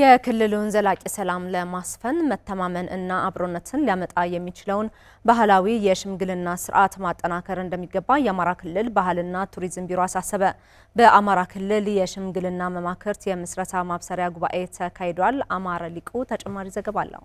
የክልሉን ዘላቂ ሰላም ለማስፈን መተማመን እና አብሮነትን ሊያመጣ የሚችለውን ባህላዊ የሽምግልና ስርዓት ማጠናከር እንደሚገባ የአማራ ክልል ባህልና ቱሪዝም ቢሮ አሳሰበ። በአማራ ክልል የሽምግልና መማክርት የምስረታ ማብሰሪያ ጉባኤ ተካሂዷል። አማረ ሊቁ ተጨማሪ ዘገባ አለው።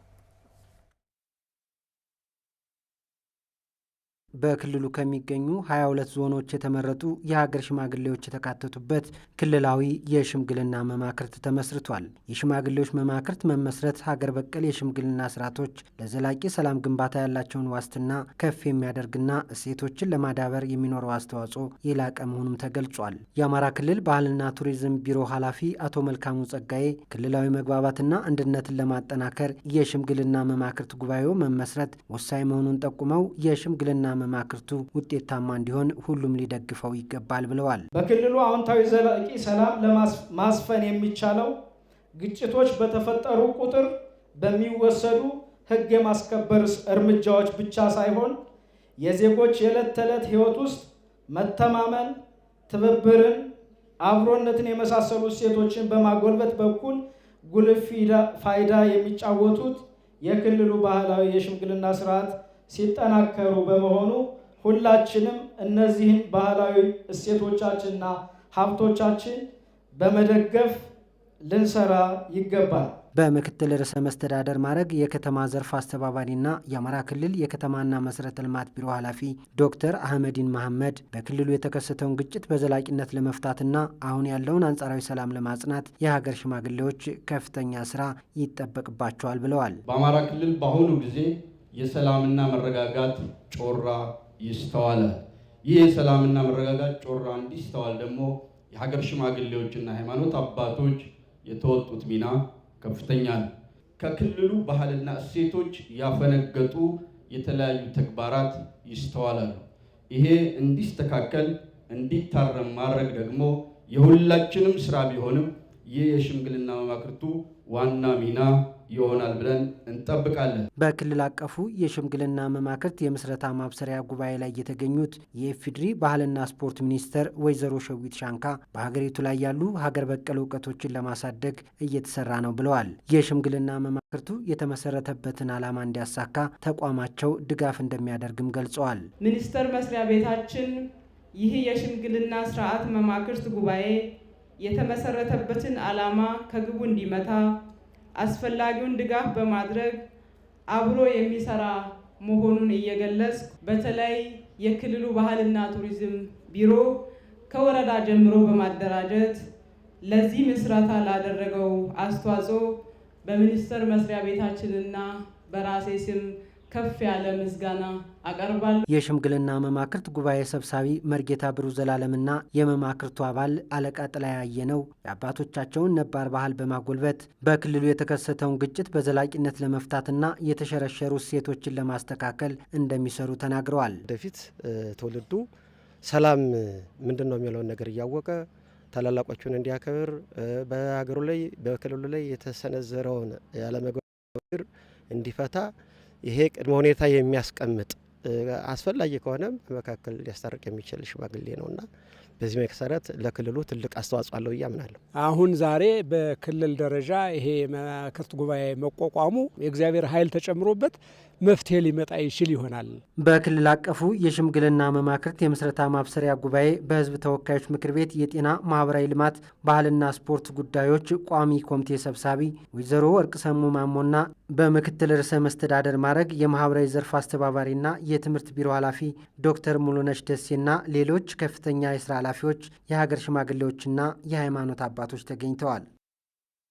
በክልሉ ከሚገኙ 22 ዞኖች የተመረጡ የሀገር ሽማግሌዎች የተካተቱበት ክልላዊ የሽምግልና መማክርት ተመስርቷል። የሽማግሌዎች መማክርት መመስረት ሀገር በቀል የሽምግልና ስርዓቶች ለዘላቂ ሰላም ግንባታ ያላቸውን ዋስትና ከፍ የሚያደርግና እሴቶችን ለማዳበር የሚኖረው አስተዋጽኦ የላቀ መሆኑም ተገልጿል። የአማራ ክልል ባህልና ቱሪዝም ቢሮ ኃላፊ አቶ መልካሙ ጸጋዬ ክልላዊ መግባባትና አንድነትን ለማጠናከር የሽምግልና መማክርት ጉባኤው መመስረት ወሳኝ መሆኑን ጠቁመው የሽምግልና መማክርቱ ውጤታማ እንዲሆን ሁሉም ሊደግፈው ይገባል ብለዋል። በክልሉ አዎንታዊ ዘላቂ ሰላም ለማስፈን የሚቻለው ግጭቶች በተፈጠሩ ቁጥር በሚወሰዱ ሕግ የማስከበር እርምጃዎች ብቻ ሳይሆን የዜጎች የዕለት ተዕለት ሕይወት ውስጥ መተማመን፣ ትብብርን፣ አብሮነትን የመሳሰሉ እሴቶችን በማጎልበት በኩል ጉልህ ፋይዳ የሚጫወቱት የክልሉ ባህላዊ የሽምግልና ስርዓት ሲጠናከሩ በመሆኑ ሁላችንም እነዚህን ባህላዊ እሴቶቻችንና ሀብቶቻችን በመደገፍ ልንሰራ ይገባል። በምክትል ርዕሰ መስተዳደር ማዕረግ የከተማ ዘርፍ አስተባባሪና የአማራ ክልል የከተማና መሰረተ ልማት ቢሮ ኃላፊ ዶክተር አህመዲን መሐመድ በክልሉ የተከሰተውን ግጭት በዘላቂነት ለመፍታትና አሁን ያለውን አንጻራዊ ሰላም ለማጽናት የሀገር ሽማግሌዎች ከፍተኛ ስራ ይጠበቅባቸዋል ብለዋል። በአማራ ክልል በአሁኑ ጊዜ የሰላምና መረጋጋት ጮራ ይስተዋላል። ይህ የሰላምና መረጋጋት ጮራ እንዲስተዋል ደግሞ የሀገር ሽማግሌዎችና ሃይማኖት አባቶች የተወጡት ሚና ከፍተኛ ነው። ከክልሉ ባህልና እሴቶች ያፈነገጡ የተለያዩ ተግባራት ይስተዋላሉ። ይሄ እንዲስተካከል እንዲታረም ማድረግ ደግሞ የሁላችንም ስራ ቢሆንም ይህ የሽምግልና መማክርቱ ዋና ሚና ይሆናል ብለን እንጠብቃለን። በክልል አቀፉ የሽምግልና መማክርት የምስረታ ማብሰሪያ ጉባኤ ላይ የተገኙት የኢፌዴሪ ባህልና ስፖርት ሚኒስትር ወይዘሮ ሸዊት ሻንካ በሀገሪቱ ላይ ያሉ ሀገር በቀል እውቀቶችን ለማሳደግ እየተሰራ ነው ብለዋል። የሽምግልና መማክርቱ የተመሰረተበትን ዓላማ እንዲያሳካ ተቋማቸው ድጋፍ እንደሚያደርግም ገልጸዋል። ሚኒስቴር መስሪያ ቤታችን ይህ የሽምግልና ስርዓት መማክርት ጉባኤ የተመሰረተበትን ዓላማ ከግቡ እንዲመታ አስፈላጊውን ድጋፍ በማድረግ አብሮ የሚሰራ መሆኑን እየገለጽ በተለይ የክልሉ ባህልና ቱሪዝም ቢሮ ከወረዳ ጀምሮ በማደራጀት ለዚህ ምስረታ ላደረገው አስተዋጽኦ በሚኒስቴር መስሪያ ቤታችንና በራሴ ስም ከፍ ያለ ምስጋና አቀርባለሁ። የሽምግልና መማክርት ጉባኤ ሰብሳቢ መርጌታ ብሩ ዘላለምና የመማክርቱ አባል አለቃ ያየ ነው የአባቶቻቸውን ነባር ባህል በማጎልበት በክልሉ የተከሰተውን ግጭት በዘላቂነት ለመፍታትና የተሸረሸሩ እሴቶችን ለማስተካከል እንደሚሰሩ ተናግረዋል። ወደፊት ትውልዱ ሰላም ምንድን ነው የሚለውን ነገር እያወቀ ታላላቆቹን እንዲያከብር በሀገሩ ላይ በክልሉ ላይ የተሰነዘረውን ያለመግባባት እንዲፈታ ይሄ ቅድመ ሁኔታ የሚያስቀምጥ አስፈላጊ ከሆነ በመካከል ሊያስታርቅ የሚችል ሽማግሌ እና በዚህ መሰረት ለክልሉ ትልቅ አስተዋጽኦ አለው ብዬ አምናለሁ። አሁን ዛሬ በክልል ደረጃ ይሄ መክርት ጉባኤ መቋቋሙ የእግዚአብሔር ኃይል ተጨምሮበት መፍትሄ ሊመጣ ይችል ይሆናል። በክልል አቀፉ የሽምግልና መማክርት የምስረታ ማብሰሪያ ጉባኤ በህዝብ ተወካዮች ምክር ቤት የጤና ማህበራዊ ልማት፣ ባህልና ስፖርት ጉዳዮች ቋሚ ኮሚቴ ሰብሳቢ ወይዘሮ ወርቅ ሰሙ ማሞና በምክትል ርዕሰ መስተዳደር ማዕረግ የማህበራዊ ዘርፍ አስተባባሪና የትምህርት ቢሮ ኃላፊ ዶክተር ሙሉነሽ ደሴና ሌሎች ከፍተኛ የስራ ኃላፊዎች፣ የሀገር ሽማግሌዎችና የሃይማኖት አባቶች ተገኝተዋል።